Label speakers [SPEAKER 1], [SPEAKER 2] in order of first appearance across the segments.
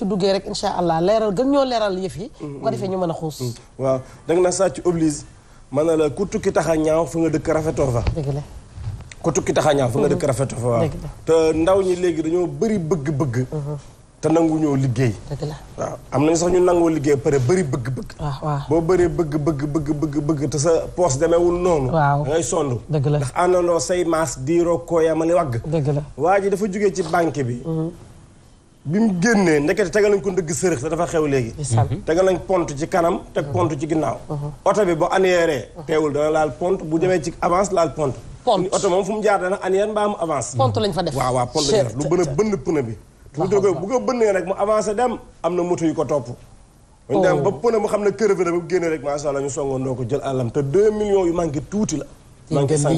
[SPEAKER 1] ci duggee rek incha allah leeral gën ñoo leeral yëf yi. Mm-hmm. bu ko defee ñu mën a xuus.
[SPEAKER 2] Mm-hmm. waaw danga na sàcc oblige mën na la ku tukki tax a ñaaw fu nga dëkk rafetoo fa. dëgg la tukki tax a ñaaw fu nga dëkk mm-hmm. rafetoo fa waaw. te ndaw ñi léegi dañoo bëri bëgg-bëgg. te nangu ñoo liggéey. dëgg la waaw am nañu sax ñu nangoo liggéey pare bëri bëgg-bëgg. Ah, waaw waaw bëree bëgg bëgg bëgg bëgg bëgg te sa poos demeewul noonu. waaw da ngay dëgg la ndax àndandoo say maas diiroo kooya ma ni wagg. dëgg la waa ji dafa jugee ci banque bi. bi mu génnee ndekete tegal nañ ko ndëgg sërëx sa dafa xew léegi mhm. tegal nañ pont ci kanam teg mhm. pont ci ginnaaw mhm. oto bi ba annière teewul dana laal pont bu demee ci avance laal pont oto moom fu mu jaar dana annière mbaa pont pont a bënn pneu bi bu ko bënnee nag mu avancé dem am na moto yu ko topp ñu dem ba oh. pneu mu xam ne kërëve na bu génnee rek macha allah ñu songoondoo ko jël àllam te deux millions yu manqué tuuti la manqué cent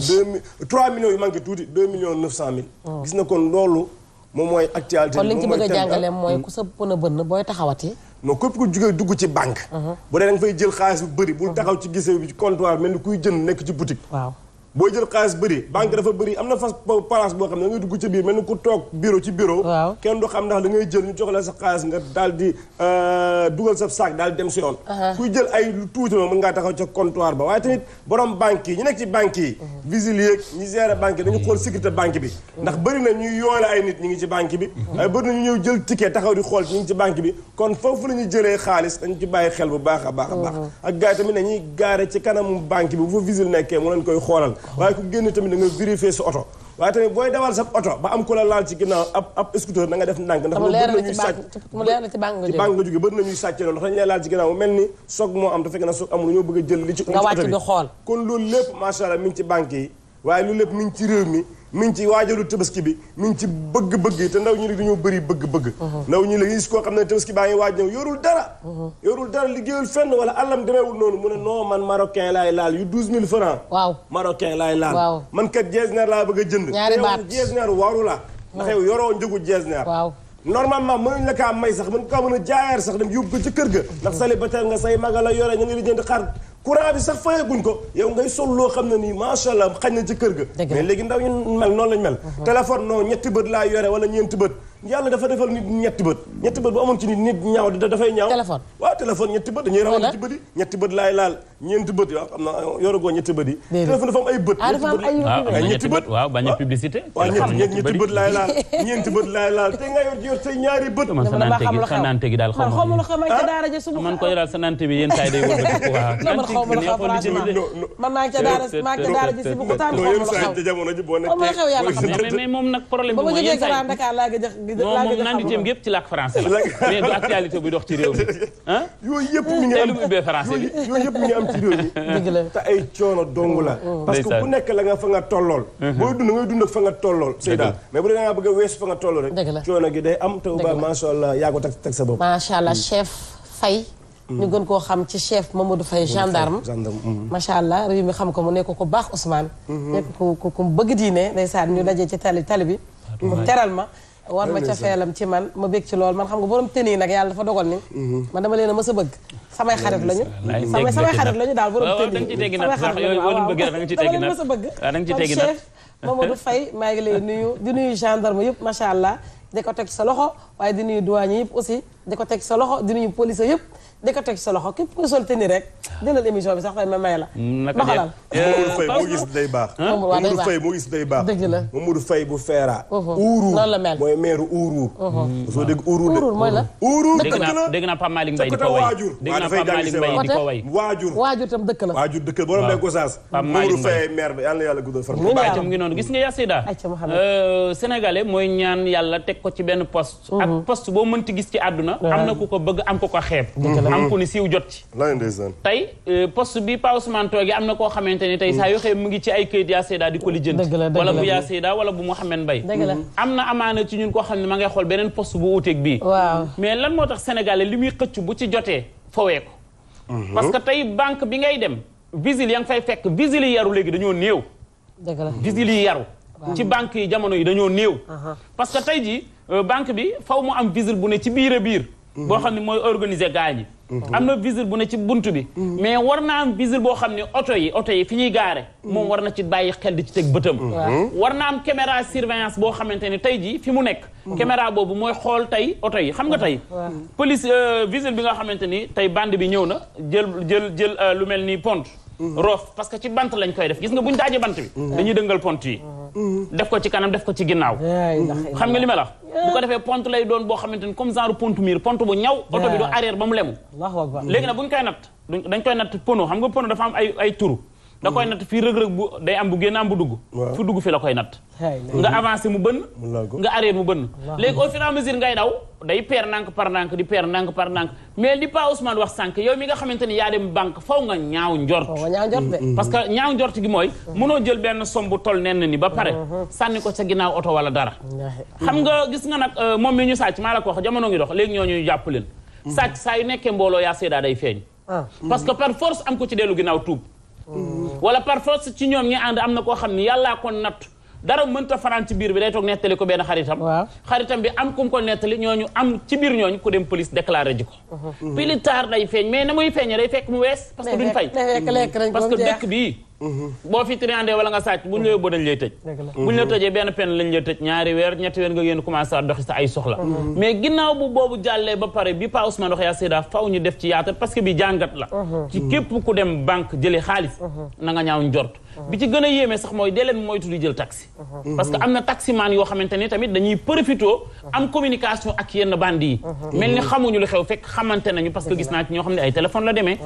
[SPEAKER 2] trois millions yu manqué tuuti deux millions neuf cent mille oh. gis na kon loolu moom mooy actualité kon li ci bëgg a jàngale ah. mooy ku
[SPEAKER 1] mm. sa pën a bënn booy taxawati non képp ku jógee dugg ci banque uh-huh.
[SPEAKER 2] bu dee da fay jël xaalis bu bëri bul uh-huh. taxaw ci gisee bi ci comptoir mel ni kuy jënd nekk ci boutique waaw boo jël xaalis bëri banque dafa bëri am na fas place boo xam ne da dugg ci biir mel ni ku toog bureau ci bureau kenn du xam ndax dangay ngay jël ñu jox la sa xaalis nga daal di euh, dugal sa saak daal di dem si yoon kuy jël ay lu tuuti ma mën ngaa taxaw ca comptoir ba waaye tamit borom banque yi ñu nekk ci banque yi mhm. vigile yeeg ñi banque yi xool sécurité banque bi mhm. ndax bëri na ñuy yoole ay nit ñu ngi ci banque bi mhm. waaye bëri nañu ñu ñëw jël ticket taxaw di xool ñi ngi ci banque bi kon foofu la ñuy jëlee xaalis dañu ci bàyyi xel bu baax a baax a baax ak gars yi tamit nañuy gaare ci kanamu banque bi bu fa nekkee mu leen koy xoolal waaye ku génn tamit da nga vérifier sa oto waaye tamit booy dawal sa oto ba am ko la laal ci ginnaaw ab ab scooter na nga def ndànk ndax bëri na ñuy sàcc
[SPEAKER 1] ci banque nga jóge
[SPEAKER 2] bëri na ñuy sàcc loolu ndax dañu lay laal ci ginnaaw mel ni soog moo am te fekk na soog amul ñoo bëgg a jël li ci oto bi kon loolu lépp macha allah mi ci banque yi waaye loolu lépp mi ngi ci réew mi mi ngi ci waajalu tabaski bi mi ci bëgg-bëgg te ndaw ñi léegi dañoo bëri bëgg-bëgg mhm. ndaw ñi léegi gis koo xam ne tabaski baa ngi waaj ñëw yorul dara mhm. yorul dara liggéeyul fenn wala àllam demeewul noonu mu ne non man marocain laay laal yu douze mille francs waaw marocain laay laal man kat jeesneer laa bëgg a jënd ñaari baat jeesneer waru la ndax yow yoroo njëgu jeesneer waaw normalement mënuñ la kaa may sax mën ko mën a jaayaar sax dem yóbbu ko ci kër ga ndax mhm. célibataire nga say maga la yore ñu ngi lijjanti xar courant bi sax fayaguñ ko yow ngay sol loo xam ne ni macha allah xañ na ci kër ga mais léegi ndaw ñu mel noonu lañ mel téléphone non ñetti bët laa yore wala ñeenti bët yàlla dafa defal nit ñetti bët ñetti bët bu amoon ci nit nit ñaaw di dafay ñaaw téléphone waaw ñetti bët ñetti bët laay laal ñetti bët yi téléphone ñetti bët a laay laal ñeenti bët laay laal te nga yor yor say ñaari bët sa man koy daal sa nante bi yéen tay day wëndatu waaw
[SPEAKER 1] xamul moom nag problème bi mooy yéen di non moom nanditeem
[SPEAKER 2] yëpp ci làkk français la mais du actualité bi dox ci réew mi ah yooyu yëpp mi ngi am lu ubbee français bi yooyu yëpp mi ngi am ci réew mi dëgg la te ay coono dong la mm-hmm. parce que bu nekk la nga fa nga tollool mm-hmm. booy dund ngay dund fa nga tollool Seyda mais bu dee da nga bëgg a weesu fa nga tollool rek coono gi day am te ubaa macha allah yaa ko tag tag
[SPEAKER 1] sa bopp macha allah mm. chef Faye mm. ñu gën koo xam ci chef Mamadou Faye gendarme mm. macha allah réew mi xam ko mu nekk ko baax Ousmane mm-hmm. nekk ku ku bëgg diine ndeysaan ñu dajee ci tali tali bi mu teral ma war ma ca feelam ci man ma bég ci lool man xam nga borom tëni nag yàlla dafa dogal ni mhm. man dama leen a mës a bëgg samay xarit lañu samay xarit lañu daal borom tëni danga ci teggi nag sax yooyu boo leen a bëgg danga ci teggi nag Mamadou Faye maa ngi lay nuyu di nuyu gendarme yëpp macha allah di ko teg sa loxo waaye di nuyu douane yëpp aussi di teg sa loxo di nuyu police yëpp di ko teg sa loxo képp ku sol tenue rek jëlal émission bi sax la ma
[SPEAKER 2] xalal baax Mamadou Faye moo gis ah? baax dëgg la Mamadou Faye bu feera uuruur noonu la mel mooy maire uuruur soo dégg la uuruur dëkk la dégg
[SPEAKER 3] naa Pape Malick Mbaye di ko way dégg naa Pape Malick Mbaye di ko way
[SPEAKER 2] waajur waajur tam dëkk la waajur dëkk la boo demee Gossas Mamadou Faye maire bi yàlla na yàlla guddal fan mu ngi noonu gis
[SPEAKER 3] nga Yassida euh, sénégalais mooy ñaan yàlla teg ko ci benn poste boo mënti gis ci àdduna na am na ku ko bëgg am ku ko xeeb am ku ni siiw jot ci tey euh, poste bi Pa Ousmane am na koo xamante ni tey saa yoo xëy mu ngi ci ay këyit yaa seeda di ko lijjanti wala bu yaa seeda wala bu Mouhamed Mbaye am na amaana ci ñun koo xam ne ma ngay xool beneen poste bu wuuteeg bii mais lan moo tax sénégalais li muy xëcc bu ci jotee fowee ko mhm. parce que tey banque bi ngay dem visile ya nga fay fekk visile yi yaru léegi dañoo néew visile yi yaru ci banque yi jamono yi dañoo néew parce que tey ji euh, banque bi faw mu am visite bu ne ci biir a biir mhm. boo xam ne mooy organiser gars yi mhm. am na visite bu ne ci bunt bi mhm. mais war naa am visite boo xam ne oto yi oto yi fi ñuy gaare moom war na ci bàyyi xel di ci teg bëtam war naa am caméra surveillance boo xamante ne tey jii fi mu nekk caméra boobu mooy xool tey oto yi xam nga tey police euh, visite bi nga xamante ni tey bande bi ñëw na jël jël jël euh, lu mel ni pont roof parce que ci bant lañ koy def gis nga buñ daajee bant bi dañuy dëngal pont yi def ko ci kanam def ko ci ginnaaw xam nga li ma la defee pont lay doon boo xamante ni comme genre pont miir pont bu ñaw oto bi du arrière ba mu lemu léegi nag buñ koy natt dañ koy natt pono xam nga pono dafa am ay ay turu da koy natt fii rëg-rëg bu day am bu génn am bu dugg fu dugg fi la koy natt nga avancé mu bënn nga arrière mu bënn léegi au fur et à mesure ngay daw day peer nank par nank di peer nank par nank mais li Pa Ousmane wax sànq yow mi nga xamante ni yaa dem banque faw nga ñaaw njort parce que ñaaw njort gi mooy mënoo mm-hmm. jël benn sombu tol nenn ni ba pare mm-hmm. sànni ko ca ginnaaw oto wala dara xam nga gis nga nag euh, moom mi ñu sàcc maa la ko wax jamono ngi dox léegi ñoo ñuy jàpp leen mm-hmm. sàcc saa yu nekkee mbooloo yaa seedaa day feeñ ah. parce que par force am ko ci dellu ginnaaw tuub wala par force ci ñoom ñi ànd am na koo xam ne yàllaa ko natt dara mënta faraan ci biir bi day toog nettali ko benn xaritam xaritam bi am kum ko nettali ñooñu am ci biir ñooñu ku dem police déclaré ji ko mhm. plus tard day feeñ mais na muy feeñee day fekk mu wees parce duñ fay parce que dëkk bii boo fi triandé wala nga sàcc buñ la yóbboo dañ lay tëj buñ la mhm. tëjee benn pen lañ lay tëj ñaari weer ñetti weer nga génn commencé a doxi sa ay soxla mhm. Mhm. mais ginnaaw bu boobu jàllee ba pare bi Pa Ousmane wax yaa faw ñu def ci yaatal parce que bi jàngat la ci képp ku dem banque jëlee xaalis na ñaaw njort bi ci gën a yéeme sax mooy dee leen moytu di jël tax mhm. parce que am na taximaan yoo xamante ne tamit dañuy profité am communication ak yenn bandi yi. Mhm. mel ni xamuñu lu xew fekk xamante nañu parce que gis naa ci ñoo xam ne ay téléphone la demee.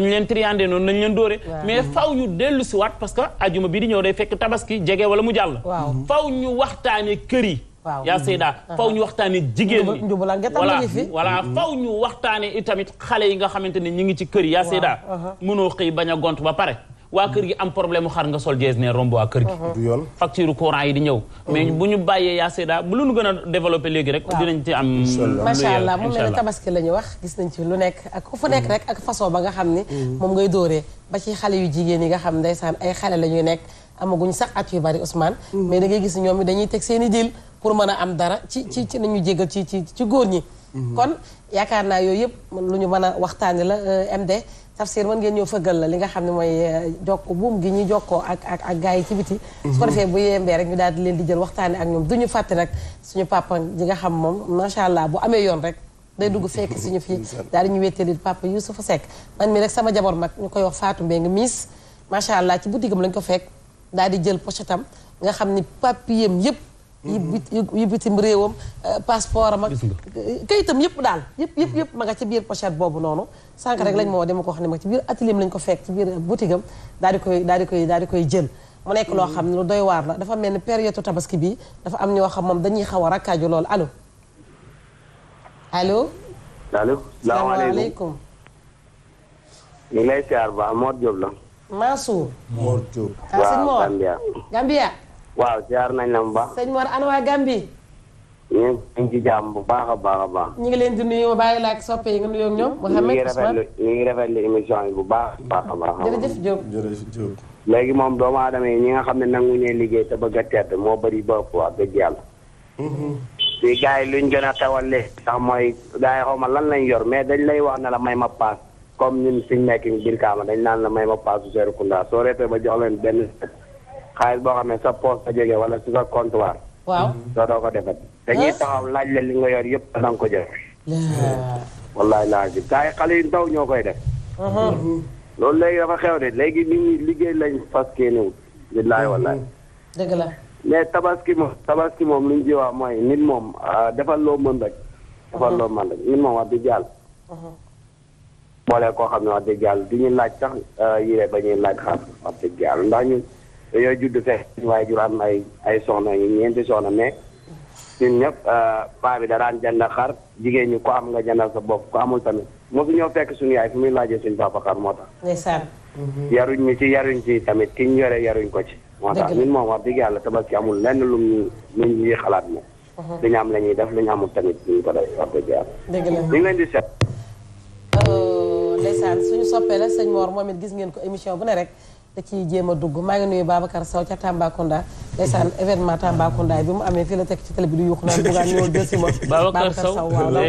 [SPEAKER 3] leen triandé noonu lañ leen dóore. mais faw ñu dellu si waat parce que ajuma bi di ñëw day fekk tabaski jege wala mu jàll. faw ñu waxtaanee kër yi. waaw yaa Seyda mhm. faw ñu waxtaane jigéen ñi njublan nga tam fi voilà faw ñu waxtaane itamit xale yi nga xamante ne ñu ngi ci kër yi yaa Seyda mënoo xëy bañ a gont ba pare waa kër gi am problème mu xar nga sol jees ne romb waa kër gi. Uh-huh. facture courant yi di ñëw. Uh-huh. mais bu ñu bàyyee yaa seeda bu lu ñu gën a développé léegi rek. dinañ ci am. macha allah mu mel ne
[SPEAKER 1] tabaski la ñu wax gis nañ ci lu nekk ak fu nekk mm-hmm. rek ak façon ba nga xam ni. Mm-hmm. moom ngay dóoree ba ci xale yu jigéen yi nga xam saan ay xale la ñuy nekk amaguñ sax at yu bari Ousmane. Mm-hmm. mais da ngay gis ñoom dañuy teg seeni i pour mën a am dara ci ci ci nañu jéggal ci ci ci góor ñi. kon yaakaar naa yooyu yëpp lu ñu mën a waxtaane la euh, MD tafsir mën ngeen ñëw fëggal la li nga xam ne mooy euh, jokk buum gi ñu jokkoo ak ak ak gars yi ci biti su ko mhm. defee bu yembee rek ñu daal di leen di jël waxtaane ak ñoom duñu fàtte rek suñu papa ji nga xam moom macha allah bu amee yoon rek day dugg fekk suñu fii daal di ñu wéttali papa Youssoufa sekk man mi rek sama jabar mag ñu koy wax faatu Fatou Mbengue miis macha allah ci boutique am lañ ko fekk daal di jël pochetam nga xam ni papier am yépp yi bitim réewam euh, passeport am ak kayitam yëpp daal yëpp yëpp yëpp ma ci biir pochette boobu noonu sànq rek lañ moo dama ko xam ne ma ci biir atelier am lañ ko fekk ci biir boutique am daal di koy daal di koy daal di koy jël mu nekk loo xam ne lu doy waar la dafa mel ni période tabaski bi dafa am ñoo xam moom dañuy xaw a rakkaaju loolu allo allo
[SPEAKER 4] allo salaamaaleykum ñu ngi lay siyaar ba Mor Diop la Mansour Mor Diop ah, waaw Gambia Gambia waaw ziar nañ la bu baax.
[SPEAKER 1] sëñ Mor ana waa
[SPEAKER 4] bu baax a baax a baax.
[SPEAKER 1] ñu ngi leen di nuyu bàyyi la ak soppe yi nga nuyoo ak ñoom. Mouhamed Ousmane
[SPEAKER 4] ñu émission yi bu baax baax a baax. jërëjëf Diop léegi moom doomu aadama yi ñi nga xam ne nangu ñuy liggéey te bëgg a moo bëri bopp wax dëgg yàlla. te mm-hmm. gars yi luñ gën a tawalee. ndax mooy gars yi xaw ma lan lañ yor mais dañ lay wax ne la may ma paas comme ñun suñu nekkin biir Kaama dañ naan la may ma paas su Serekunda soo reetee ba jox leen benn xaalis boo xam ne sa poche sa jógee wala si sa comptoir. waaw doo doo ko defati. dañuy ah. taxaw laaj la li nga yor yëpp da ko jël. wallaay laa ji gars yi ndaw ñoo koy def. Uh-huh. loolu léegi dafa xew de léegi nit ñi liggéey lañ fas kenn wut. billaay mm-hmm. wallaay. dëgg la. mais tabaski moom tabaski moom li ñu ci mooy nit moom ah, defal loo mën defal loo uh-huh. mën rek nit moom wax di yàlla. Uh-huh. boolee koo xam ne wax dëgg yàlla di ñu laaj sax ah, yére ba ñuy laaj xaalis wax dëgg yàlla ndax ñun. dañoo judd fekk waajur am ay ay soxna yi ñeenti soxna mais ñun ñëpp euh, paa bi daraan jënd xar jigéen ñi ko am nga jëndal sa bopp ko amul tamit mosu ñoo fekk suñu yaay fu muy laajee suñu papa xar moo tax.
[SPEAKER 1] ndeysaan. Mhm.
[SPEAKER 4] yaruñ ñu ci yaruñ ci tamit ki ñu yore yaruñ ko ci. moo tax ñun moom wax dëgg yàlla ki amul lenn lu mu lu ñuy xalaat moom. li ñu am la def li ñu amul tamit ñu ko def wax dëgg yàlla. dëgg la ñu ngi leen di seet.
[SPEAKER 1] Oh, ndeysaan suñu soppee la sëñ Mor moom it gis ngeen da ciy jéem a dugg maa ngi nuyu Babacar saw ca Tambacounda ndeysaan événement Tambacounda bi mu amee fii la teg ci télé bi du yuux naan bugaan ñëw jël si ma Babacar Sow waaw la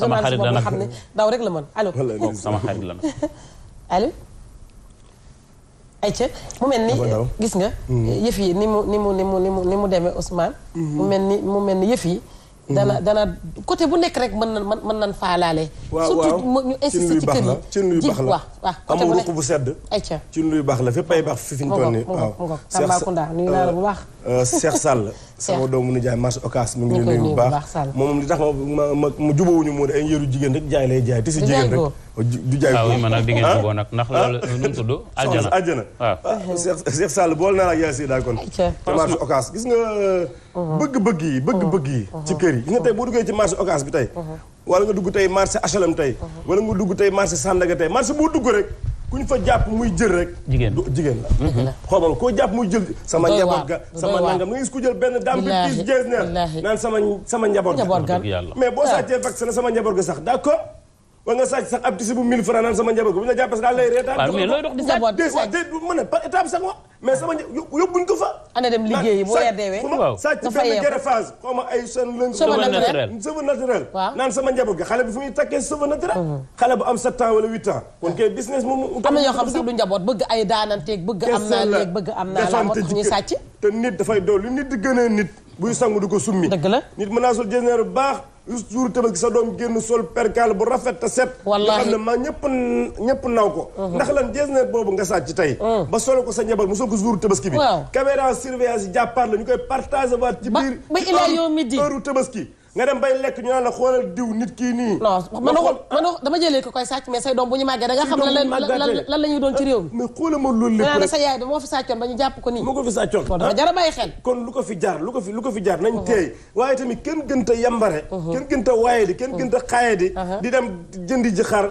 [SPEAKER 1] sama xarit la nag xam ne daw rek la mën allo sama xarit la nag mu mel ni gis nga mm. yëf yi ni mu ni mu ni mu ni mu ni mu demee Ousmane mm-hmm. mu mel ni mu mel ni yëf yi dana dana côté bu nekk rek mën na mën nañ faalaale. waaw surtout ñu insister ci kër yi cin luy baax la cin luy baax la bu sedd. ayca
[SPEAKER 2] cin luy baax la fépp ay baax fi fi ñu toll nii. waaw
[SPEAKER 1] Tambacounda nuyu naa la bu baax. Cheikh euh,
[SPEAKER 2] Sall. sama doomu nu jaay marché Ocass mu ngi lay nuyu bu baax moom li tax ma ma ma jubóowuñu moo di ay njëru jigéen rek jaay lay jaay te si jigéen rek. du jaay ko ah oui man nag di ngeen ah. ndax loolu ah. nu mu tudd. aljana aljana waaw. Ah. Cheikh Cheikh Sall bool kon. te marché Ocass nga. Uh-huh. bëgg-bëgg yi uh-huh. bëgg-bëgg yi. ci uh-huh. yi gis nga tey boo duggee ci marché Ocass bi tey. wala nga dugg tey marché HLM tey. wala nga dugg tey marché Sandaga tey marché boo dugg rek. ku ñu fa jàpp muy jël rek. jigéen jigéen la. koo jàpp muy jël. sama njaboot ga sama nangam nga gis ku jël benn dam bi piis jees neen naan sama sama njaboot ga mais boo sàccee vaccin sama njaboot ga sax d'accord wa nga sàcc sax ab tisi bu 1000 francs naan sama njaboot bu ñu la jàpp parce que daal lay reetaan. waaw mais looy dox di saboot mën a par étape sax wax mais sama yóbbuñ ko fa. ana dem liggéeyi bu weer deewee waaw sàcc benn gërëfaas xaw ma ay seen lëng. cheveux naturel cheveux naturel. waaw naan sama njaboot ga xale bi fu muy takkee cheveux naturel. Mm-hmm. xale bu am 7 ans wala 8 ans. kon kay business moom. am na ñoo xam sax
[SPEAKER 1] du njaboot bëgg ay daananteeg bëgg am naa léeg bëgg am naa la moo tax ñuy sàcc
[SPEAKER 2] te nit dafay dool lu nit di gënee nit buy sangu du ko summi dëgg la nit mën naa sol jëneer bu baax suur tabaski sa doom génn sol per perkaal bu rafet te set nga xam ne maa ñëpp ñëpp naw ko uh-huh. ndax lan jees na boobu nga sàcc tey uh. ba solo ko sa ñebal mu soo ko suur tabaski bi caméra surveillance yi jàppaat la ñu koy partagé waat ci biir ba ilaa yow midi heure tabaski nga dem bay lekk ñu naan la xoolal diw nit kii nii. non man a
[SPEAKER 1] dama jëlee ko koy sàcc mais say doom bu ñu màggee da nga xam lan lan la ñuy doon ci réew mi. mais xoolal ma loolu lépp rek sa yaay dama fi sàccoon ba ñu jàpp ko nii. moo ko fi sàccoon kon dafa ah. jar a bàyyi xel.
[SPEAKER 2] kon lu ko fi jaar lu ko fi lu ko fi jaar nañ teey waaye tamit kenn gën ta yambare. Uh-huh. kenn gën ta waaye di kenn uh-huh. gën ta xaaye di uh-huh. di dem jëndi ji xar